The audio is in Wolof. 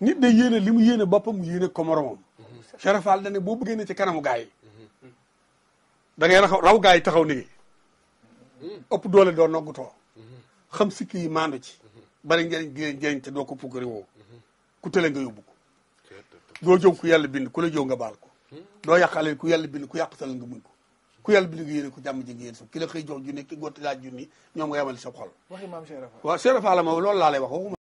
nit day yéene li mu yéene boppam mu yéene ko moromam. Cheikh mm-hmm. Fall dañ boo bëggee ne ci kanamu gaa yi. Mm-hmm. da ngay raw gaa yi taxaw liggéey. Mm-hmm. ëpp doole doo noggutoo. xam sikki yi maandu ci. bari njëriñ gi njëriñ te doo ko pukkari woo. ku tële nga yóbbu ko. doo jëw ku yàlla bind ku la jëw nga baal ko. doo yàqale ku yàlla bind ku yàq tal nga muñ ko. ku yàlla bind nga yéene ko jàmm ji nga yéene so ki la jox junni ki gott laaj junni ñoom nga yemale sa xol. waxi maam Cheikh